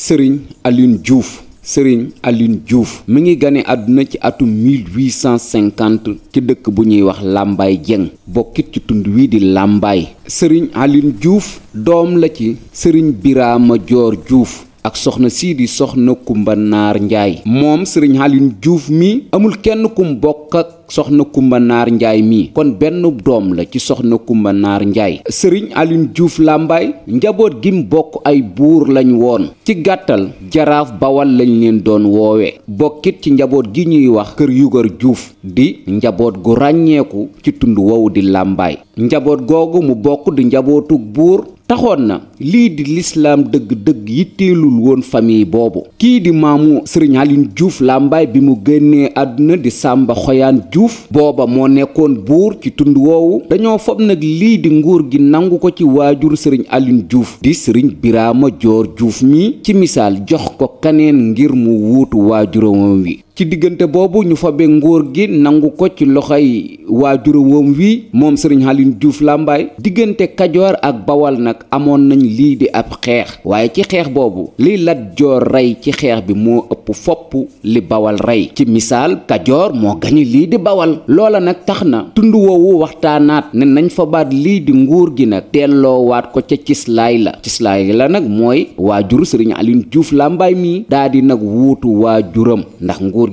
sëriñ Alioune Diouf Serigne Alioune Diouf mi ngi gane àdduna ci atum 1850 ci dëkk bu ñuy wax Lambaye Dieng bokkit ci tund wii di Lambaye Serigne Alioune Diouf doom la ci sëriñ Birama Joor juuf ak soxna sii di soxna kumba naar njaay moom sëriñ Alioune Diouf mi amul kenn kum bokk ak soxna kumba naar njaay mii kon benn doom la ci soxna kumba naar njaay sëriñ alin juuf làmbaay njaboot gim bokk ay buur lañ woon ci gàttal jaraaf bawal lañ leen doon woowe bokkit ci njaboot gi ñuy wax kër yugar juuf di njaboot gu ràññeeku ci tund wow di làmbaay njaboot googu mu bokk di njabootug buur taxoon na lii di lislaam dëgg-dëgg yitteelul woon famille boobu kii di maamu sëriñ Alioune Diouf làmbaay bi mu génnee àdduna di Samba Xoyaan Diouf booba moo nekkoon buur ci tund woowu dañoo fob nag lii di nguur gi nangu ko ci waajur sëriñ Alioune Diouf di sëriñ biraama Joor juuf mi ci misaal jox ko kaneen ngir mu wuutu waajuram wi ci diggante boobu ñu fa fabe nguur gi nangu ko ci loxoy waajuram wi moom sëriñ Alioune juuf Lambaye diggante Kajoor ak Bawal nag amoon nañ lii di ab xeex waaye ci xeex boobu li Lat Joor rey ci xeex bi moo ëpp fopp li Bawal rey ci misaal Kajoor moo gañe lii di Bawal loola nag tax na tund woowu waxtaanaat ne nañ fa baat lii di nguur gi nag delloowaat ko ca cislaay la cislaay la nag mooy waajur sëriñ Alioune juuf Lambaye mii daa nag wuutu waajuram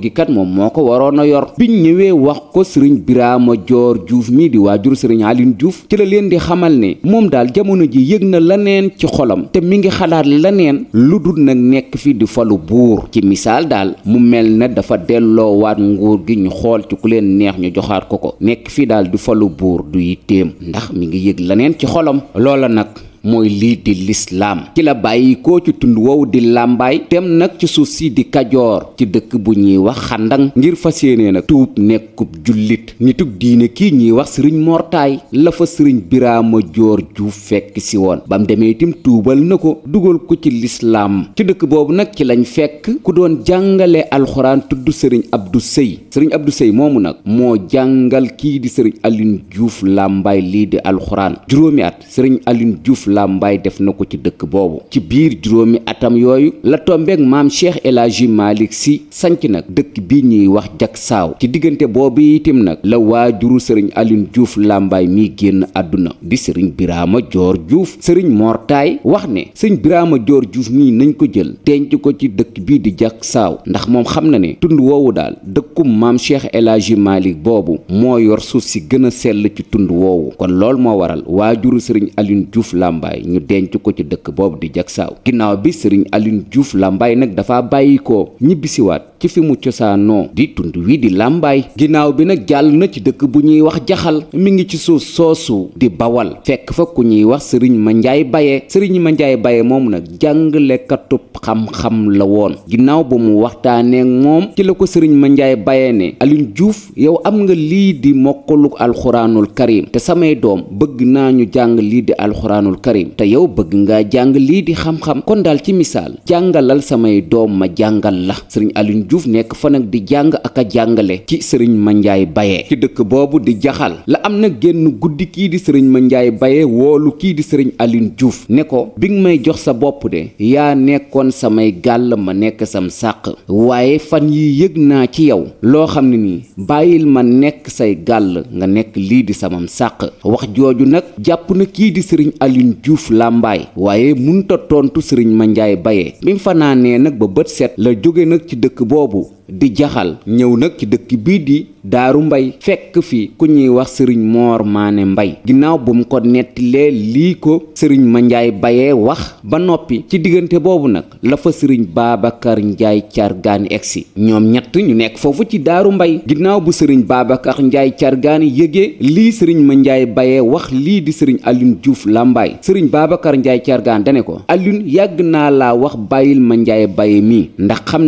nguur gi kat moom moo ko waroon a yor biñ ñëwee wax ko sëriñ Birama Joor Juuf mi di waajur sëriñ Aline Juuf ci la leen di xamal ne moom daal jamono ji yéeg na laneen ci xolam te mi ngi xalaat laneen lu dul nag nekk fi di falu buur ci misaal daal mu mel na dafa delloowaat nguur gi ñu xool ci ku leen neex ñu joxaat ko ko nekk fi daal di falu buur du yitteem ndax mi ngi yëg laneen ci xolam loola nag mooy lii di lislaam ci la bàyyi koo ci tund wow di làmbaay dem nag ci suuf si di kajoor ci dëkk bu ñuy wax xandan ngir fas yéene nag tuub nekkub jullit nitug diine kii ñuy wax sëriñ mortaay la fa sëriñ biraama joor ju fekk si woon bam demee itam tuubal na ko dugal ko ci lislaam ci dëkk boobu nag ci lañ fekk ku doon jàngale alxuraan tudd sëriñ du sëy sëriñ du sëy moomu nag moo jàngal kii di sëriñ Alioune Diouf làmbaay lii di alxuraan juróomi at sëriñ làmbaay def na ko ci dëkk boobu ci biir juróomi atam yooyu la tombeek maam Cheikh El Hadji si Sy sanc nag dëkk bi ñuy wax jak saaw ci diggante boobu itam nag la waajuru sëriñ Alioune Diouf làmbaay mi génn àdduna di sëriñ Birama Joor juuf sëriñ Mortaay wax ne sëriñ biraama Joor Diouf nii nañ ko jël denc ko ci dëkk bi di jàkk saaw ndax moom xam na ne tund woowu daal dëkkum maam Cheikh El Hadji boobu moo yor suuf si gën a sell ci tund woowu kon Lambaye ñu denc ko ci dëkk boobu di Jaksaaw ginnaaw bi sëriñ Alioune Diouf Lambaye nag dafa bàyyi ko ñibbisiwaat ci fi mu cosaanoo di tund wii di làmbaay ginnaaw bi nag jàll na ci dëkk bu ñuy wax jaxal mi ngi ci suuf soosu di Bawal fekk fa ku ñuy wax sëriñ ma Mandiaye Baye sëriñ Mandiaye Baye moom nag jàngalekatub xam-xam la woon ginnaaw bu mu waxtaanee moom ci la ko sëriñ Mandiaye Baye ne alin juuf yow am nga lii di mokkaluk alxuraanul karim te samay doom bëgg karim te yow bëgg nga jàng lii di xam-xam kon daal ci misaal jàngalal samay doom ma jàngal la sëriñ alin Diouf nekk fa di jàng ak a jàngale ci sëriñ ma Mandiaye Baye ci dëkk boobu di jaxal la am na génn guddi kii di sëriñ ma Mandiaye Baye woolu kii di sëriñ Alioune Diouf ne ko bi nga may jox sa bopp de yaa nekkoon samay gàll ma nekk sam sàq waaye fan yi yëg naa ci yow loo xam ne nii bàyyil ma nekk say gàll nga nekk lii di samam sàq wax jooju nag jàpp na kii di Diouf Lambaay waaye munta tontu ma Mandiaye Baye bi mu fanaanee nag ba bët set la jóge nag ci dëkk boobu di jaxal ñëw nag ci dëkk bii di daaru mbay fekk fi ku ñuy wax sëriñ moor maane mbay ginnaaw bu mu ko nettilee lii ko sëriñ manjaay baye wax ba noppi ci diggante boobu nag la fa sëriñ baabakar njaay cargaan egsi ñoom ñett ñu nekk foofu ci daaru mbay ginnaaw bu sëriñ baabakar njaay cargaan yëgee lii sëriñ manjaay bayee wax lii di sëriñ Alioune Diouf Lambaye sëriñ baabakar njaay cargaan dane ko Alioune yàgg naa laa wax bàyyil manjaay baye mii ndax xam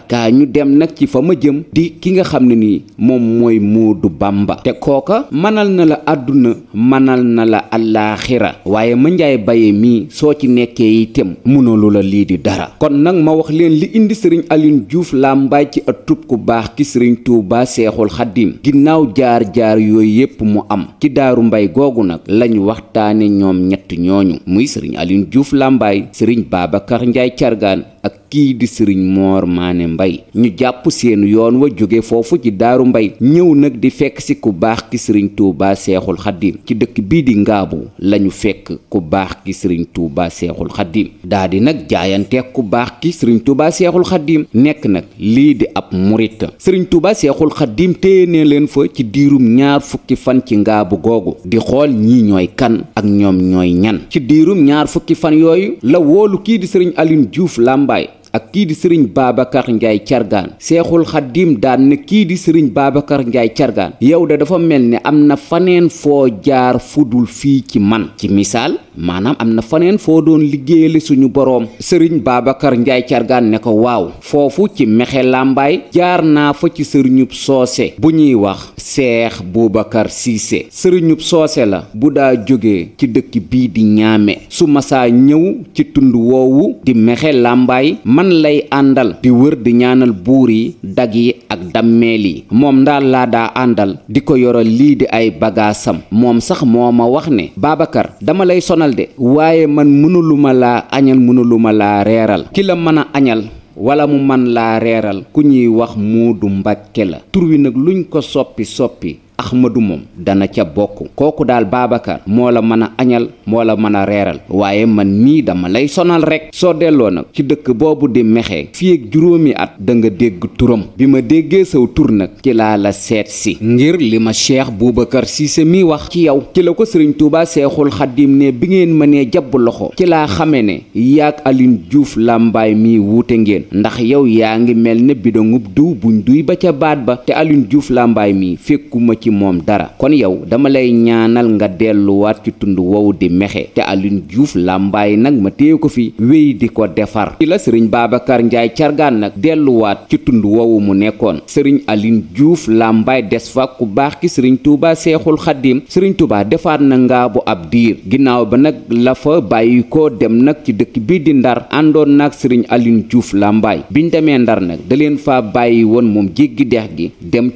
kaa ñu dem nag ci fa ma jëm di ki nga xam ne nii moom mooy du bàmba te kooka manal na la àdduna manal na la allaaxira waaye ma njaay baye mii soo ci nekkee itam mënalu la lii di dara kon nag ma wax leen li indi sëriñ Alioune juuf Lambaye ci atub ku baax ki sëriñ Tuubaa Seexul Xaddim ginnaaw jaar jaar yooyu yépp mu am ci daaru mbay googu nag lañ waxtaane ñoom ñett ñooñu muy sëriñ Alioune Diouf làmbaay sëriñ Babacar Njaay Cargaan ak kii di sëriñ moor maane mbay ñu jàpp seen yoon wa jóge foofu ci daaru mbay ñëw nag di fekk si ku baax ki sëriñ tuubaa seexul xaddim ci dëkk bii di ngaabu lañu fekk ku baax ki sëriñ tuuba seexul xaddim daadi nag jaayante ku baax ki sëriñ tuubaa seexul xaddim nekk nag lii di ab murit sëriñ tuubaa seexul xaddim téye ne leen fa ci diirum ñaar fukki fan ci ngaabu googu di xool ñii ñooy kan ak ñoom ñooy ñan ci diirum ñaar fukki fan yooyu la woolu kii di sëriñ Alioune Diouf Lambaye ak kii di sëriñ Babacar Ndiaye Thiargane seexul xaddiim daan ne kii di sëriñ Babacar Ndiaye Thiargane yow de dafa mel ni am na faneen foo jaar fu dul fii ci man ci misaal maanaam am na faneen foo doon liggéeyale suñu boroom sëriñ Babacar Ndiaye Thiargane ne ko waaw foofu ci mexe làmbaay jaar naa fa ci sëriñub soose bu ñuy wax seex Boubacar Cissé sëriñub soose la bu daa jóge ci dëkk bii di ñaame su masaa ñëw ci tund woowu di mexe làmbaay man lay àndal di wër di ñaanal buur yi dag yi ak dammeel yi moom ndaal laa daa àndal di ko yoral lii di ay bagaasam moom sax moo ma wax ne Babacar dama lay sonal de waaye man mënuluma laa añal mënuluma laa reeral ki la mën a añal wala mu man laa reeral ku ñuy wax Moodu Mbàkke la tur wi luñ ko soppi soppi Ahmadu moom dana ca bokk kooku daal Babacar moo la mën a añal moo la mën a reeral waaye man mii dama lay sonal rek soo delloo nag ci dëkk boobu di mexe fii ak juróomi at danga dégg turam bi ma déggee sëw tur nag ci laa la seet si ngir li ma Cheikh Boubacar Cissé mi wax ci yow ci la ko Sëriñ Tuubaa Seexul Xaddiim ne bi ngeen mënee jàpp loxo ci laa xamee ne yaag Aline juuf làmbaay mi wuute ngeen ndax yow yaa ngi mel ne bidongub diw buñ duy ba ca baat ba te Aline Diouf mi ci moom dara kon yow dama lay ñaanal nga delluwaat ci tund woowu di mexe te Alioune Diouf làmbaay nag ma téye ko fi wéy di ko defar ci la sëriñ Babacar Ndiaye cargaan nag delluwaat ci tund wowu mu nekkoon sëriñ Alioune Diouf làmbaay des fa ku baax ki sëriñ Touba Seexul Xaddim sëriñ Touba defaat na ngaa bu ab diir ginnaaw ba nag la fa bàyyi ko dem nag ci dëkk bi di ndar àndoon nag sëriñ Alioune Diouf làmbaay bi demee ndar nag da fa bàyyi woon moom jéggi dex gi dem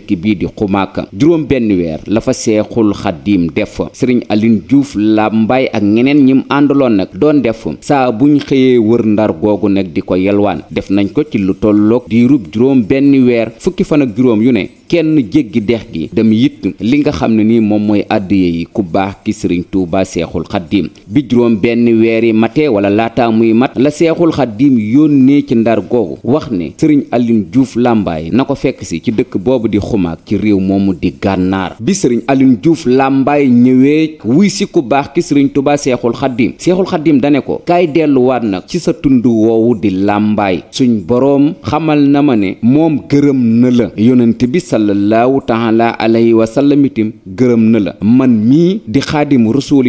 dëkk bii di xumaaka juróom benn weer la fa seexul xaddiim def sëriñ Aline Diouf mbay ak ñeneen ñim àndaloon nag doon def saa bu ñu xëyee wër ndar googu nag di ko yelwaan def nañ ko ci lu tolloog diirub juróom benn weer fukki fan ak juróom yu ne kenn jéggi dex gi dem it li nga xam ne nii moom mooy àddiya yi ku baax ki sëriñ Tuuba seexul xaddiim bi juróom benn weer yi mate wala laata muy mat la seexul xaddiim yónnee ci ndar googu wax ne sëriñ Alioune Diouf Lambaye na ko fekk si ci dëkk boobu di xumaag ci réew moomu di gànnaar bi sëriñ Alioune juuf Lambaye ñëwee wuy si ku baax ki sëriñ Tuuba seexul xaddiim seexul xaddiim dane ko kaay delluwaat nag ci sa tund woowu di làmbaay suñ boroom xamal na ma ne moom gërëm sallallahu taala alayhi wa sallam itim gërëm na la man mii di xaadim rasul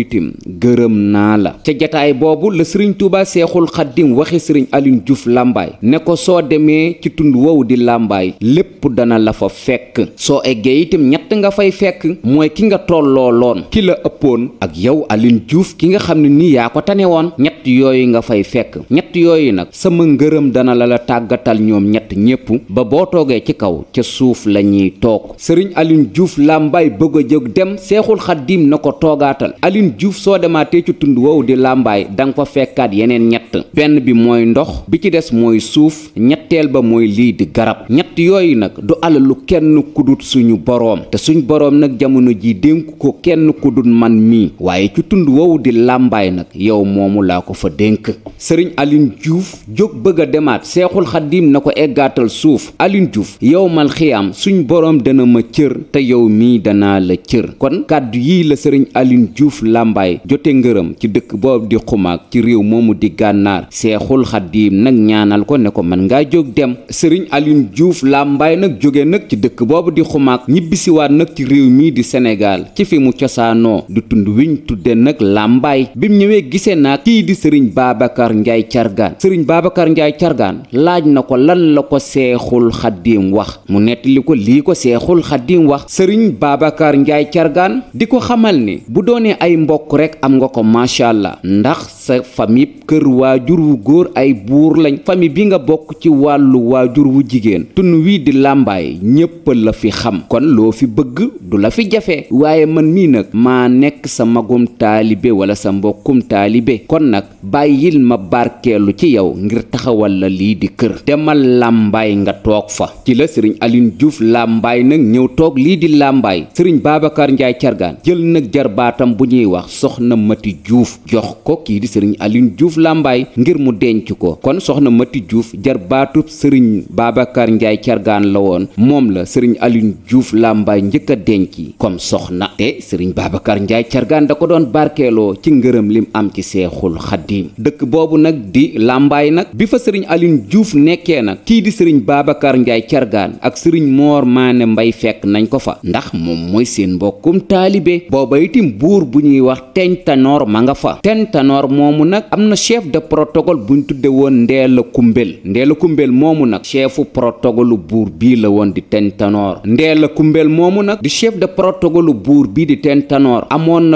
gërëm naa la ca jataay boobu la sëriñ tuuba seexul xaddim waxe sëriñ Alioune juuf làmbaay ne ko soo demee ci tund wow di làmbaay lépp dana la fa fekk soo eggee itam ñett nga fay fekk mooy ki nga tollooloon ki la ëppoon ak yow Alioune Diouf ki nga xam ne nii yaa ko tane woon yooyu nga fay fekk ñett yooyu nag sama ngërëm dana la la tàggatal ñoom ñett ñépp ba boo toogee ci kaw ca suuf la ñuy toog sëriñ Alioune Diouf làmbaay bëgg a jóg dem seexul xaddiim na ko toogaatal Alioune Diouf soo demaatee ci tund woowu di làmbaay danga fa fekkaat yeneen ñett benn bi mooy ndox bi ci des mooy suuf ñetteel ba mooy lii di garab ñett yooyu nag du alalu kenn kudut suñu boroom te suñu boroom nag jamono ji dénk ko kenn kudut man mii waaye ci tund woowu di làmbaay nag yow moomu laa ko ko fa dénk sëriñ alin Diouf jóg bëgg a demaat seexul xaddiim na ko eggaatal suuf Aline Diouf yow mal xiyaam suñ boroom dana ma cër te yow mii danaa la cër kon kàddu yii la sëriñ Aline Diouf làmbaay jote ngërëm ci dëkk boobu di xumaag ci réew moomu di gànnaar seexul xaddiim nag ñaanal ko ne ko mën ngaa jóg dem sëriñ Aline Diouf làmbaay nag jóge nag ci dëkk boobu di xumaag ñibbisiwaat nag ci réew mii di senegaal ci fi mu cosaanoo du tund wiñ tudde nag làmbaay bim ñëwee sëriñ Babacar Ndiaye Thiargane sëriñ Babacar Ndiaye Thiargane laaj na ko lan la ko seexul xaddiim wax mu nettali ko lii ko seexul xaddiim wax sëriñ Babacar Ndiaye Thiargane di ko xamal ni bu doonee ay mbokk rek am nga ko macha allah ndax sa famille kër waajur wu góor ay buur lañ famille bi nga bokk ci wàllu waajur wu jigéen tun wi di làmbaay ñépp la fi xam kon loo fi bëgg du la fi jafe waaye man mii nag maa nekk sa magum taalibe wala sa mbokkum taalibe kon nag bàyyil ma barkeelu ci yow ngir taxawal la lii di kër demal làmbaay nga toog fa ci la sëriñ Alioune juuf làmbaay nag ñëw toog lii di làmbaay sëriñ Babacar Ndiaye Cargaan jël nag jarbaatam bu ñuy wax soxna Mati Diouf jox ko kii di sëriñ Alioune Diouf làmbaay ngir mu denc ko kon soxna Mati Diouf jarbaatub sëriñ Babacar Ndiaye Cargaan la woon moom la sëriñ alin Diouf làmbaay njëkk a denc comme soxna te sëriñ Babacar Ndiaye Cargaan da ko doon barkeeloo ci ngërëm lim am ci Xaadim dëkk boobu nag di làmbaay nag bi fa sëriñ alin Diouf nekkee nag kii di sëriñ Babacar Ndiaye Cargaan ak sëriñ Moor Maane Mbay fekk nañ ko fa ndax moom mooy seen mbokkum taalibe booba itim buur bu ñuy wax Teñ Tanoor ma nga fa Teñ Tanoor moomu nag am na chef de protocole buñ tudde woon Ndeela Kumbel Ndeela Kumbel moomu nag chefu protocole buur bii la woon di Teñ Tanoor Ndeela Kumbel moomu nag di chef de protocole buur bii di Teñ Tanoor amoon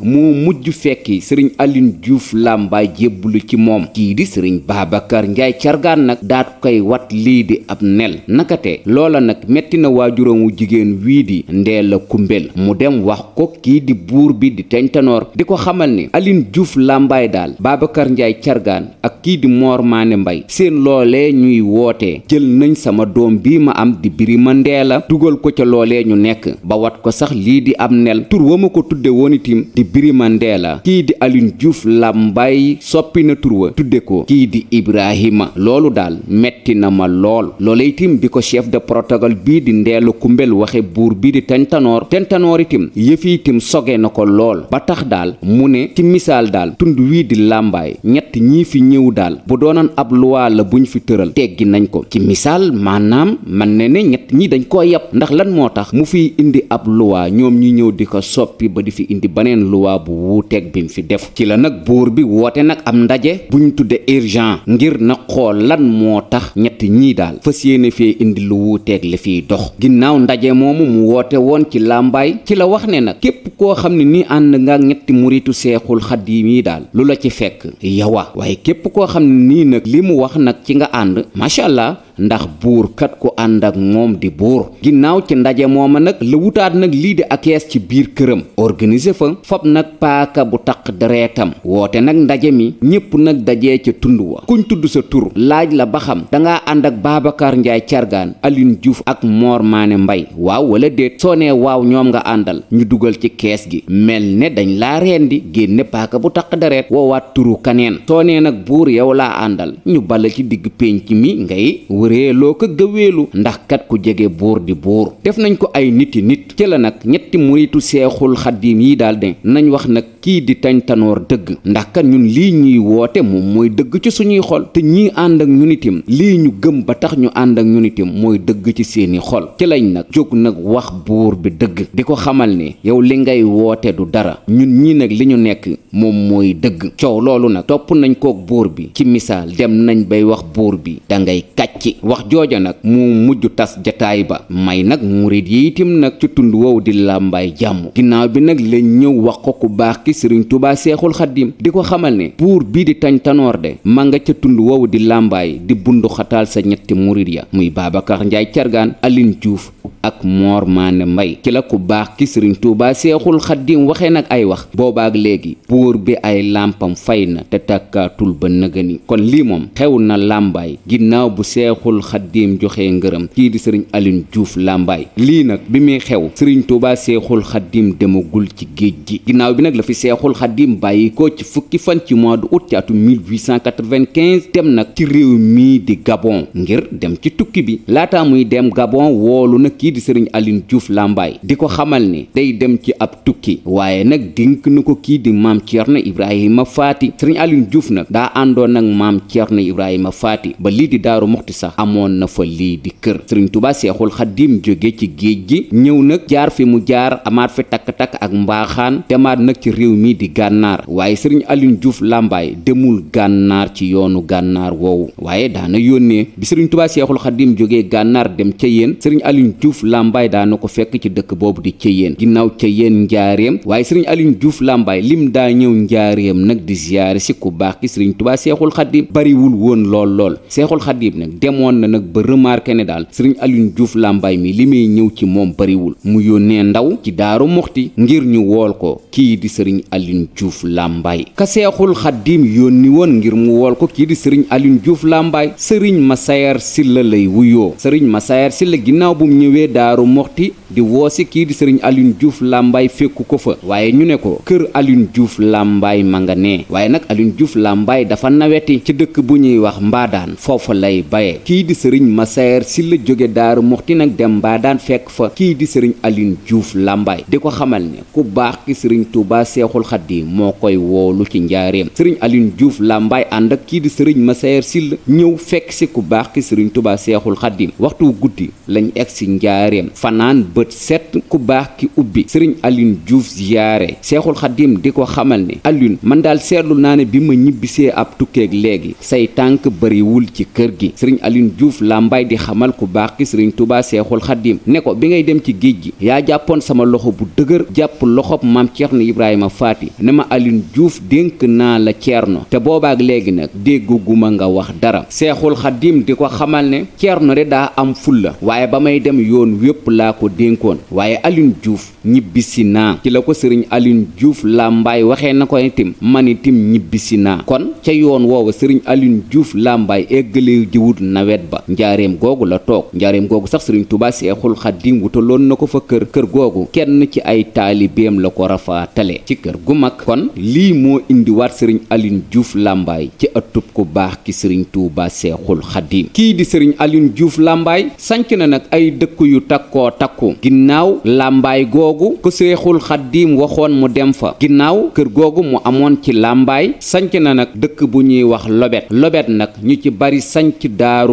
moo mujj fekki sëriñ alin Diouf Lambaye jébbalu ci moom kii di sëriñ Babacar Ndiaye cargaan nag daat koy wat lii di ab nel nakate loola nag metti na waajuram wu jigéen wii di Ndella Kumbel mu dem wax ko kii di buur bi di Teñ di ko xamal ni alin Diouf Lambaye daal Babacar Ndiaye cargaan ak kii di Mor Mané Mbaye seen loole ñuy woote jël nañ sama doom bi ma am di Birima Ndella dugal ko ca loolee ñu nekk ba wat ko sax lii di ab nel tur wa ma ko tudde di Birima la kii di Alioune Diouf Lambaye soppi na tur wa tudde ko kii di Ibrahima loolu daal metti na ma lool loola itim bi ko chef de protocole bii di Ndeela Kumbel waxe buur bii di Tentanoor Tentanoor itim yëfi itim soge na ko lool ba tax daal mu ne ci misaal daal tund wii di Lambaye ñett ñii fi ñëw daal bu doonoon ab luwaa la buñ fi tëral teggi nañ ko ci misaal maanaam man ne ne ñett ñi dañ koo yab ndax lan moo tax mu fiy indi ab luwaa ñoom ñi luwaa bu wuuteeg bi mu fi def ci la nag buur bi woote nag am ndaje buñ tudde urgent ngir na xool lan moo tax ñett ñii daal fas yéene fee indi lu wuuteeg li fiy dox ginnaaw ndaje moomu mu woote woon ci làmbaay ci la wax ne nag képp koo xam ne nii ànd nga ñetti muritu seexul xaddiim yi daal lu la ci fekk yawa waaye képp koo xam ne nii nag li mu wax nag ci nga ànd macha allah ndax buur kat ku ànd ak moom di buur ginnaaw ci ndaje mooma nag la wutaat nag lii di kees ci biir këram organiser fa fab nag paaka bu taq dereetam woote nag ndaje mi ñépp nag dajee ca tund wa kuñ tudd sa tur laaj la ba xam dangaa ànd ak Babacar Njaay cargaan Aline Diouf ak Mor Maane Mbay waaw wala déet soo nee waaw ñoom nga àndal ñu dugal ci kees gi mel ne dañ laa rendi génne paaka bu taq dereet woowaat turu kaneen soo nee nag buur yow laa àndal ñu bala ci digg pénc mi ngay wëreeloo ko gëweelu ndax kat ku jege buur di buur def nañ ko ay niti nit ci la nag ñetti muritu seexul xaddiim yi daal de nañ wax nag kii di tañtanoor dëgg ndax kat ñun lii ñuy woote moom mooy dëgg ci suñuy xol te ñii ànd ak ñun lii ñu gëm ba tax ñu ànd ak ñun mooy dëgg ci seeni xol ci lañ nag jóg nag wax buur bi dëgg di ko xamal ne yow li ngay woote du dara ñun ñii nag li ñu nekk moom mooy dëgg coow loolu nag topp nañ kook buur bi ci misaal wax jooja nag mu mujj tas jataay ba may nag murit yi itim nag ci tund woow di làmbaay jàmm ginnaaw bi nag la ñëw wax ko ku baax ki sëriñ tubaa seexul xaddim di ko xamal ne buur bii di tañ tanoor de ma nga ca tund woow di làmbaay di bundu xataal sa ñetti murit ya muy Babacar Njaay Cargaan Aline Diouf ak Mor Maane Mbay ci la ku baax ki sëriñ Tuubaa Seexul Xaddim waxee nag ay wax boobaak léegi buur bi ay làmpam fay na te takkaatul ba nëgëni kon lii moom xew na cheikhul xaddiim joxe ngërëm kii di sëriñ Alioune Diouf Lambaye nag bi muy xew sëriñ Touba seexul xaddiim demagul ci géej gi ginnaaw bi nag la fi seexul xaddiim bàyyi ko ci fukki fan ci mois de août ci atum 1895 dem nag ci réew mii di Gabon ngir dem ci tukki bi laataa muy dem Gabon woolu na kii di sëriñ alin Diouf Lambaye di ko xamal ni day dem ci ab tukki waaye nag dénk na ko kii di maam Thierno Ibrahima Faati sëriñ Alioune Diouf nag daa àndoon nag maam Thierno Ibrahima Faati ba lii di Daaru Muxti sax amoon na fa lii di kër sëriñ Tuubaa Seexul Xaddiim jóge ci géej gi ñëw nag jaar fi mu jaar amaat fi takk-takk ak mbaaxaan demaat nag ci réew mii di gànnaar waaye sëriñ Alioune Diouf Lambaye demul gànnaar ci yoonu gànnaar woowu waaye daana yónnee bi sëriñ Tuubaa Seexul Xaddiim jógee gànnaar dem ca yéen sëriñ Alioune Diouf Lambaye daana ko fekk ci dëkk boobu di ca yéen ginnaaw ca yéen njaareem waaye sëriñ Alioune Diouf Lambaye lim daa ñëw njaareem nag di ziyaare si ku baax ki sëriñ Tuubaa Seexul Xaddiim bariwul woon lool lool Seexul Xaddiim nag demoon demoon na nag ba remarqué ne daal sëriñ Alioune Diouf Lambaye li muy ñëw ci moom bariwul mu yónnee ndaw ci daaru muxti ngir ñu wool ko kii di sëriñ Alioune Diouf Lambaye ka seexul xaddiim yónni woon ngir mu wool ko kii di sëriñ Alioune Diouf Lambaye sëriñ ma Massayer Sylla lay wuyoo sëriñ ma Massayer Sylla ginnaaw bu mu ñëwee daaru moxti di woosi kii di sëriñ Alioune Diouf Lambaye fekku ko fa waaye ñu ne ko kër Alioune Diouf Lambaye ma nga nee waaye nag Alioune Diouf Lambaye dafa naweti ci dëkk bu ñuy wax mbaadaan foofa lay baye kii kii di sëriñ Massaer Sylla jóge daaru muxti nag dem baa daan fekk fa kii di sëriñ Alioune Diouf làmbaay di ko xamal ne ku baax ki sëriñ Touba Seexul Xadiim moo koy woolu ci njaareem sëriñ Alioune Diouf Lambaye ànd ak kii di sëriñ Massaer Sylla ñëw fekk si ku baax ki sëriñ Touba Seexul Xadiim waxtu guddi lañ egg si njaareem fanaan bët set ku baax ki ubbi sëriñ Alioune Diouf ziyaare Seexul Xadiim di ko xamal ne Alioune man daal seetlu naa ne bi ma ñibbisee ab Serigne Diouf Lambaye di xamal ku baax ki Serigne Touba ne ko bi ngay dem ci géej gi yaa jàppoon sama loxo bu dëgër jàpp loxob maam Ceerno Ibrahima Faati ne ma Alioune juuf dénk naa la ceer Ceerno te boobaak léegi nag dégguguma nga wax dara Seexul Xaddim di ko xamal ne Ceerno de daa am fulla waaye ba may dem yoon wépp laa ko dénkoon waaye Alioune juuf ñibbisi naa ci la ko Serigne Alioune Diouf Lambaye waxee na ko itam man ñibbisi naa kon ca yoon woowa Serigne Alioune Diouf Lambaye eggale jiwut nawet wet ba njaareem googu la toog njaareem googu sax sëriñ Tuubaa Seexul Xadiim wutaloon na ko fa kër kër googu kenn ci ay taalibeem la ko rafaatale ci kër gu mag kon lii moo indiwaat sëriñ Alioune Diouf làmbaay ci ëttub ku baax ki sëriñ Tuubaa Seexul Xadiim kii di sëriñ Alioune juuf Lambaye sanc na nag ay dëkk yu takkoo takku ginnaaw làmbaay googu ko Seexul Xadiim waxoon mu dem fa ginnaaw kër googu mu amoon ci Lambaye sanc na nag dëkk bu ñuy wax lobet lobet nag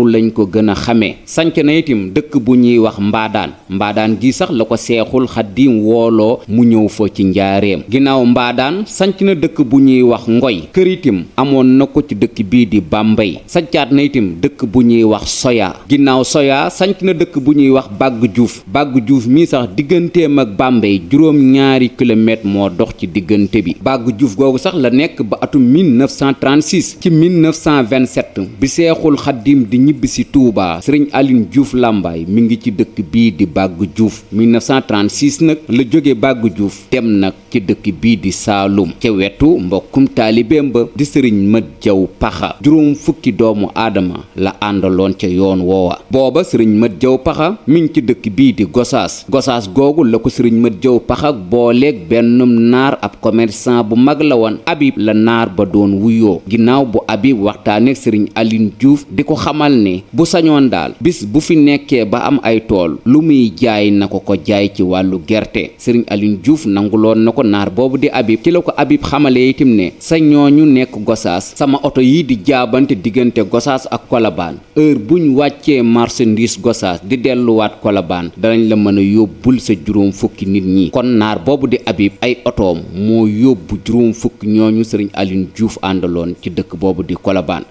lañ ko gën a xamee sanc na itam dëkk bu ñuy wax mbaadaan mbaadaan gi sax la ko seexul xaddiim wooloo mu ñëw fa ci njaareem ginnaaw mbaadaan sanc na dëkk bu ñuy wax ngoy kër itam amoon na ko ci dëkk bii di bàmbay sancaat na itam dëkk bu ñuy wax soya ginnaaw soyaa sanc na dëkk bu ñuy wax bàgg juuf bàgg juuf mii sax digganteem ak bàmbay juróom ñaari kilomètre moo dox ci diggante bi bàgg juuf googu sax la nekk ba atum 1936 ci 1927 bi seexul xaddiim di ñibbi ñibbisi Touba sëriñ Aline Diouf Lambaye mu ngi ci dëkk bii di Baggu Diouf 1936 nag la jóge bàggu juuf dem nag ci dëkk bii di Saalum ca wetu mbokkum taalibeem ba di sëriñ Mat Jaw Paxa juróom fukki doomu aadama la àndaloon ca yoon woowa booba sëriñ Mat Jaw Paxa mu ngi ci dëkk bii di Gosaas Gosaas googu la ko sëriñ Mat Jaw Paxa booleek bennum naar ab commerçant bu mag la woon Habib la naar ba doon wuyoo ginnaaw bu Habib waxtaaneeg sëriñ Aline Diouf di ko xamal ne ne bu sañoon daal bis bu fi nekkee ba am ay tool lu muy jaay na ko ko jaay ci wàllu gerte sëriñ Serigne juuf nangu loon na ko naar boobu di Habib ci la ko abib xamale itam ne ñoo ñu nekk Gosaas sama oto yi di jaabante diggante Gosaas ak Kolobaan heure ñu wàccee marchandise Gosaas di delluwaat Kolobaan danañ la mën a yóbbul sa juróom fukki nit ñi kon naar boobu di Habib ay otoom moo yóbbu juróom fukki ñooñu sëriñ Alioune Diouf àndaloon ci dëkk boobu di Kolobaan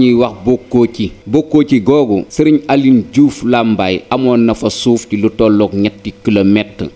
ñuy wax bokkoo ci bokkoo ci googu sëriñ Aline Diouf làmbaay amoon na fa suuf ci lu tolloog ñetti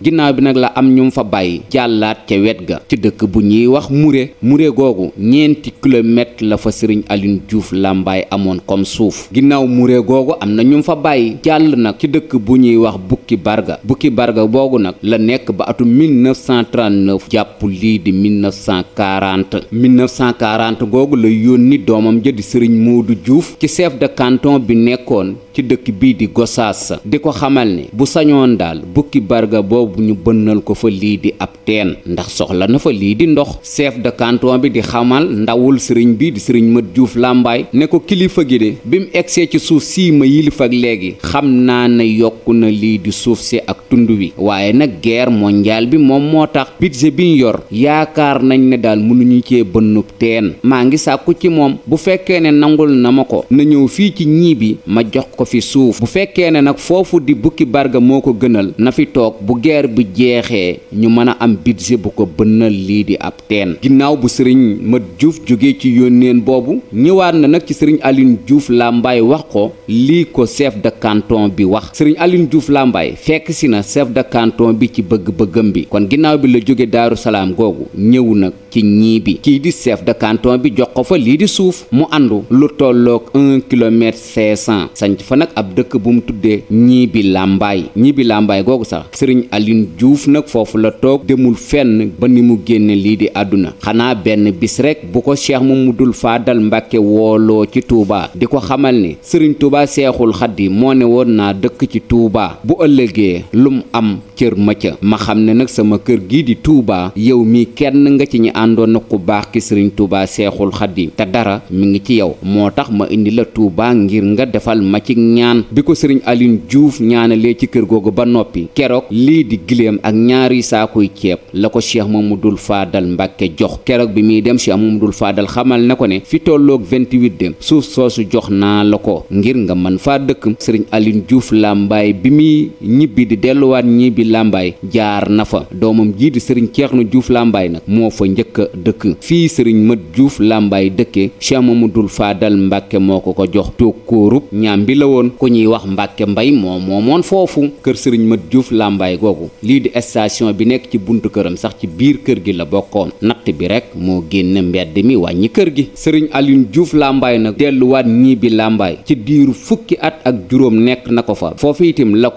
ginnaaw bi nag la am ñum fa bàyyi jàllaat ca wet ga ci dëkk bu ñuy wax mure mure googu ñeenti kilomètre la fa sëriñ Alioune Diouf Lambaye amoon comme suuf ginnaaw mure googu am na ñum fa bàyyi jàll nag ci dëkk bu ñuy wax bukki barga bukki barga boogu nag la nekk ba atum 1939 jàpp lii di 1940 1940 googu la yónni doomam ja di sëriñ Moodu juuf ci chef de canton bi nekkoon ci dëkk bii di Gossas di ko xamal ni bu sañoon daal bukki barga boobu ñu bënnal ko fa lii di ab teen ndax soxla na fa lii di ndox chef de canton bi di xamal ndawul sëriñ bi di sëriñ Mat Juuf Làmbaay ne ko kilifa gi de bi mu egsee ci suuf sii ma yilif ak léegi xam naa ne yokk na lii di suuf si ak tund wi waaye nag guerre mondiale bi moom moo tax budget bi ñu yor yaakaar nañ ne daal mënuñu cee bënnub teen maa ngi sàkku ci moom bu fekkee ne nangul na ma ko na ñëw fii ci ñii bi ma jox ko fi suuf bu fekkee na fi toog bu geer bi jeexee ñu mën a am budget bu ko bënnal lii di ab teen ginnaaw bu sëriñ Mat Diouf jóge ci yónneen boobu ñëwaat na nag ci sëriñ Aline Diouf làmbaay wax ko lii ko chef de canton bi wax sëriñ Aline Diouf Lambaye fekk si na chef de canton bi ci bëgg-bëggam bi kon ginnaaw bi la jóge Daaru Salaam googu ñëw nag ci ñii bi kii di chef de bi jox ko fa lii di suuf mu àndu lu tollook un kilomètre cinq cent sanc fa nag ab dëkk bu mu tuddee ñii bi Lambaye googu sëriñ Alioune juuf nag foofu la toog demul fenn ba ni mu génne lii di àdduna xanaa benn bis rekk bu ko mu mu dul Fadal Mbàkke wooloo ci tuubaa di ko xamal ni sëriñ Touba seexul xaddi moo ne woon naa dëkk ci Touba bu ëllëgee lum am cër ma ca ma xam ne nag sama kër gi di Touba yow mi kenn nga ci ñi àndoon nag ku baax ki sëriñ Touba Seexul Xadiim te dara mu ngi ci yow moo tax ma indi la Touba ngir nga defal ma ci ñaan bi ko sëriñ Alioune Diouf ñaanalee ci kër googu ba noppi keroog lii di giléem ak ñaari saakuy ceeb la ko mu dul Faadal Mbàkke jox keroog bi muy dem Cheikh dul Faadal xamal ne ko ne fi tolloog 28 dem suuf soosu jox naa la ko ngir nga mën faa dëkk sëriñ Alioune Lambaye jaar na fa doomam jii di Serigne Thierno Diouf Lambaye nag moo fa njëkk a dëkk fii Serigne Mat Diouf Lambaye dëkkee Cheikh Mamadou Fadal Mbacke moo ko ko jox tokkoorub ñaam bi la woon ku ñuy wax Mbacke Mbay moo moomoon foofu kër Serigne Mat Diouf Lambaye googu lii di station bi nekk ci buntu këram sax ci biir kër gi la bokkoon natt bi rek moo génne mbedd mi wàññi kër gi Serigne Alioune juuf Lambaye na delluwaat ñii bi làmbaay ci diiru fukki at ak juróom nekk na ko fa foofu itam la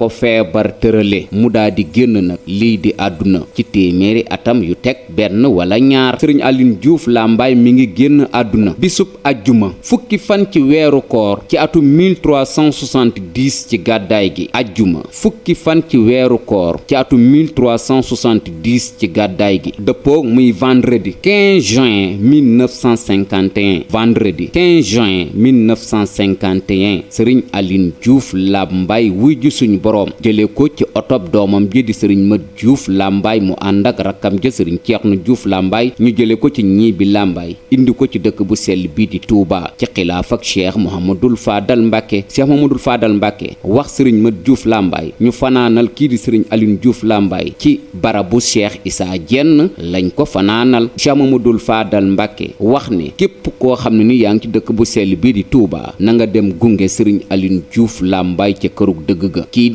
di génn nag lii di àdduna ci téeméeri atam yu teg benn wala ñaar sëriñ Alioune Diouf Lambaye mi ngi génn àdduna bisub ajjuma fukki fan ci weeru koor ci atum 1370 ci gàddaay gi ajjuma fukki fan ci weeru koor ci atum 1370 ci gàddaay gi dëppoo muy vendredi 15 juin 1951 vendredi 15 juin 1951 sëriñ Alioune Diouf Lambaye wuy ji suñu boroom jëlee ko ci otob doomam jëwriñam ji di sëriñ Mat Diouf Lambaay mu ànd ak rakkam ja sëriñ ceex Ceerno Diouf Lambaay ñu jële ko ci ñii bi Lambaay indi ko ci dëkk bu sell bii di Touba ci xilaaf ak Cheikh Mouhamadul Fadal Mbacke Cheikh Mouhamadul Fadal Mbacke wax sëriñ Mat Diouf làmbaay ñu fanaanal kii di sëriñ alin Diouf làmbaay ci barabu Cheikh Issa jenn lañ ko fanaanal Cheikh Mouhamadul Fadal Mbacke wax ne képp koo xam ne ni yaa ngi ci dëkk bu sell bii di Touba na nga dem gunge sëriñ alin Diouf Lambaay ca kërug dëgg ga kii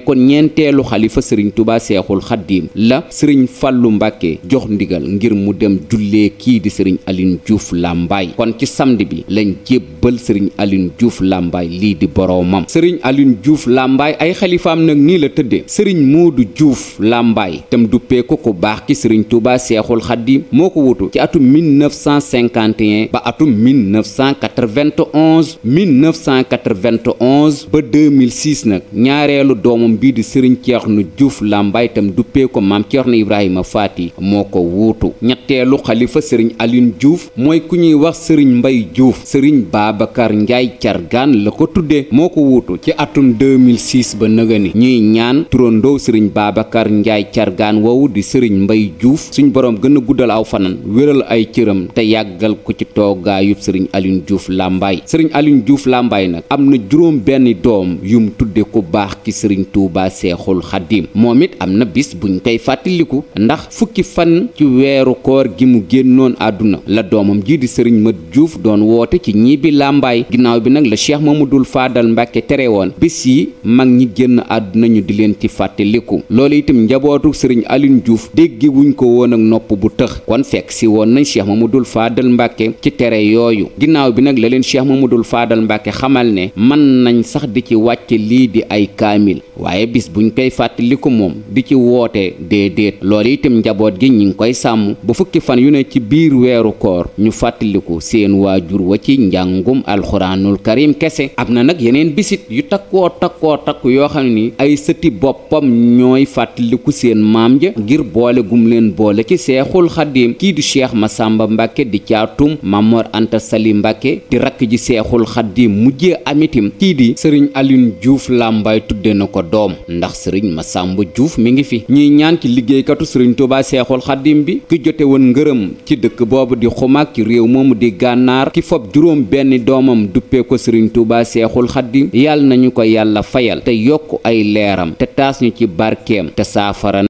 ko ñeenteelu xalifa sëriñ tubaa seexul xaddiim la sëriñ fàllu mbàkke jox ndigal ngir mu dem jullee kii di sëriñ Aline Diouf làmbaay kon ci samedi bi lañ jébbal sëriñ Aline Diouf Lambaye lii di boroomam sëriñ alin Diouf Lambaye ay xalifaam nag nii la tëddee sëriñ du Diouf Lambaye tem duppee ko ko baax ki sëriñ tubaa seexul xaddiim moo ko wutu ci atum 1951 ba atum 1991 1991 ba 2006 nag ñaareelu doom doomam bii di sëriñ Ceerno Juuf Làmbaay itam duppee ko maam Ceerno Ibrahima yi moo ko wuutu ñetteelu xalifa sëriñ Alioune Juuf mooy ku ñuy wax sëriñ Mbay Juuf sëriñ Babacar Njaay Cargaan la ko tuddee moo ko wuutu ci atum 2006 ba nëgëni ñuy ñaan turandoo sëriñ Babacar Njaay Cargaan woowu di sëriñ Mbay Juuf suñu boroom gën a guddal aw fanan wéral ay cëram te yàggal ko ci toogaayub sëriñ Alioune Juuf Làmbaay sëriñ Alioune Juuf Làmbaay nag am na juróom benn doom yum tudde ku baax ki sëriñ Touba Seexul Xaddiim moom it am na bis buñ koy fàttaliku ndax fukki fan ci weeru koor gi mu génnoon àdduna la doomam ji di sëriñ Mat Diouf doon woote ci ñii bi làmbaay ginnaaw bi nag la Cheikh Mamadul Faadal Mbàkke tere woon bis yi mag ñi génn àdduna ñu di leen ci fàttaliku loolu itam njabootu sëriñ Alioune Diouf déggi wuñ ko woon ak nopp bu tëx kon fekk si woon nañ mu dul Faadal Mbàkke ci tere yooyu ginnaaw bi nag la leen Cheikh Mamadul Faadal Mbàkke xamal ne mën nañ sax di ci wàcce lii di ay kaamil waaye bis bu buñ koy fàttaliku moom di ci woote déedéet lool itam njaboot gi ñi ngi koy sàmm ba fukki fan yu ne ci biir weeru koor ñu fàttaliku seen waajur wa ci njàngum alxuraanul karim kese am na nag yeneen bisit yu takkoo takkoo takku yoo xam ni ay sëti boppam ñooy fàttaliku seen maam ja ngir boole gum leen boole ci seexul xaddiim kii di cheikh sàmba Mbàkke di caatum Mamor Anta Sali Mbàkke di rakk ji seexul xaddiim mujjee amitim kii di sëriñ Alioune Diouf Lambaye tudde ko doom ndax sëriñ sàmb Diouf mi ngi fi ñuy ñaan ci liggéeykatu sëriñ Touba Seexul Xadim bi ki jote woon ngërëm ci dëkk boobu di xumaag ci réew moomu di gànnaar ki fob juróom benn doomam duppee ko sëriñ Touba Seexul Xadim yàlla nañu ko yàlla fayal te yokk ay leeram te taas ñu ci barkeem te saafara